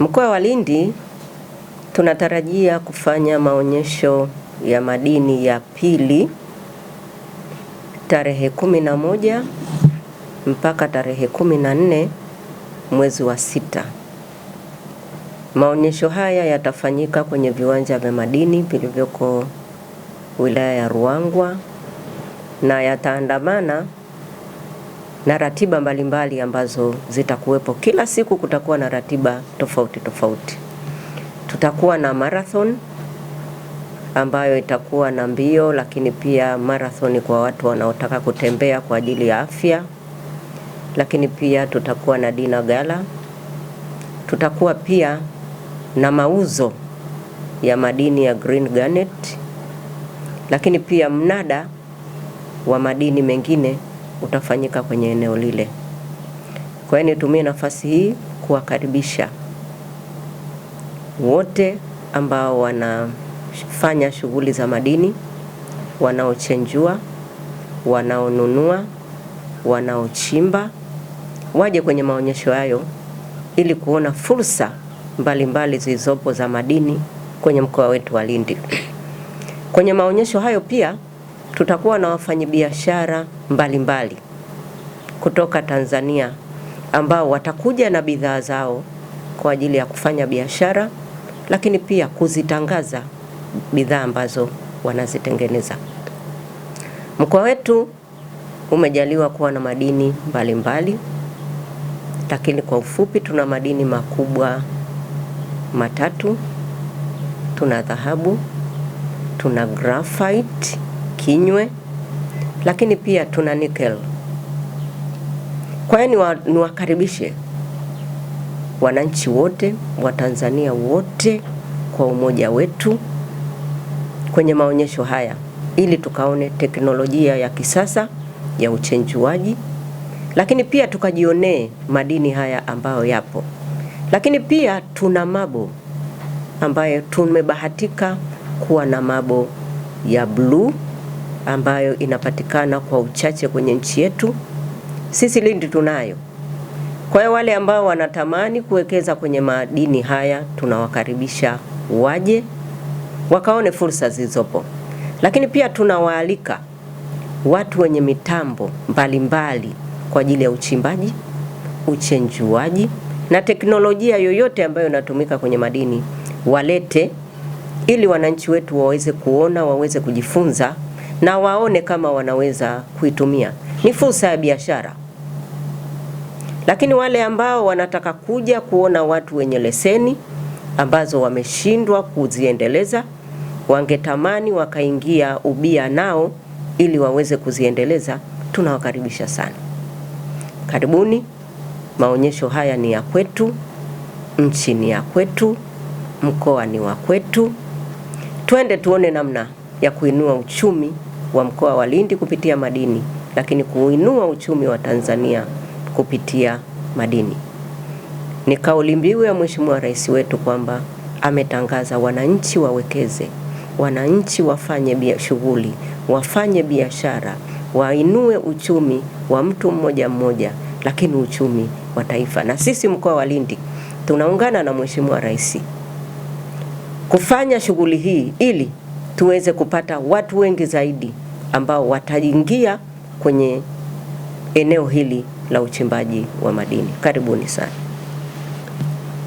Mkoa wa Lindi tunatarajia kufanya maonyesho ya madini ya pili tarehe kumi na moja mpaka tarehe kumi na nne mwezi wa sita. Maonyesho haya yatafanyika kwenye viwanja vya madini vilivyoko wilaya ya Ruangwa na yataandamana na ratiba mbalimbali mbali ambazo zitakuwepo kila siku. Kutakuwa na ratiba tofauti tofauti. Tutakuwa na marathon ambayo itakuwa na mbio, lakini pia marathoni kwa watu wanaotaka kutembea kwa ajili ya afya. Lakini pia tutakuwa na dina gala, tutakuwa pia na mauzo ya madini ya green garnet, lakini pia mnada wa madini mengine utafanyika kwenye eneo lile. Kwa hiyo nitumie nafasi hii kuwakaribisha wote ambao wanafanya shughuli za madini, wanaochenjua, wanaonunua, wanaochimba waje kwenye maonyesho hayo ili kuona fursa mbalimbali zilizopo za madini kwenye mkoa wetu wa Lindi. Kwenye maonyesho hayo pia tutakuwa na wafanyabiashara mbalimbali kutoka Tanzania ambao watakuja na bidhaa zao kwa ajili ya kufanya biashara, lakini pia kuzitangaza bidhaa ambazo wanazitengeneza. Mkoa wetu umejaliwa kuwa na madini mbalimbali mbali, lakini kwa ufupi tuna madini makubwa matatu: tuna dhahabu, tuna graphite kinywe, lakini pia tuna nickel. Kwa hiyo niwakaribishe wananchi wote wa Tanzania wote kwa umoja wetu kwenye maonyesho haya ili tukaone teknolojia ya kisasa ya uchenjuaji, lakini pia tukajionee madini haya ambayo yapo, lakini pia tuna mabo ambayo tumebahatika kuwa na mabo ya bluu ambayo inapatikana kwa uchache kwenye nchi yetu. Sisi Lindi tunayo. Kwa hiyo wale ambao wanatamani kuwekeza kwenye madini haya tunawakaribisha waje wakaone fursa zilizopo, lakini pia tunawaalika watu wenye mitambo mbalimbali mbali kwa ajili ya uchimbaji, uchenjuaji na teknolojia yoyote ambayo inatumika kwenye madini walete, ili wananchi wetu waweze kuona, waweze kujifunza na waone kama wanaweza kuitumia. Ni fursa ya biashara. Lakini wale ambao wanataka kuja kuona watu wenye leseni ambazo wameshindwa kuziendeleza, wangetamani wakaingia ubia nao ili waweze kuziendeleza, tunawakaribisha sana. Karibuni, maonyesho haya ni ya kwetu, nchi ni ya kwetu, mkoa ni wa kwetu. Twende tuone namna ya kuinua uchumi wa mkoa wa Lindi kupitia madini, lakini kuinua uchumi wa Tanzania kupitia madini. Ni kauli mbiu ya Mheshimiwa Rais wetu kwamba ametangaza wananchi wawekeze, wananchi wafanye shughuli, wafanye biashara, wainue uchumi wa mtu mmoja mmoja, lakini uchumi wa taifa. Na sisi mkoa wa Lindi tunaungana na Mheshimiwa Rais kufanya shughuli hii ili tuweze kupata watu wengi zaidi ambao wataingia kwenye eneo hili la uchimbaji wa madini. Karibuni sana.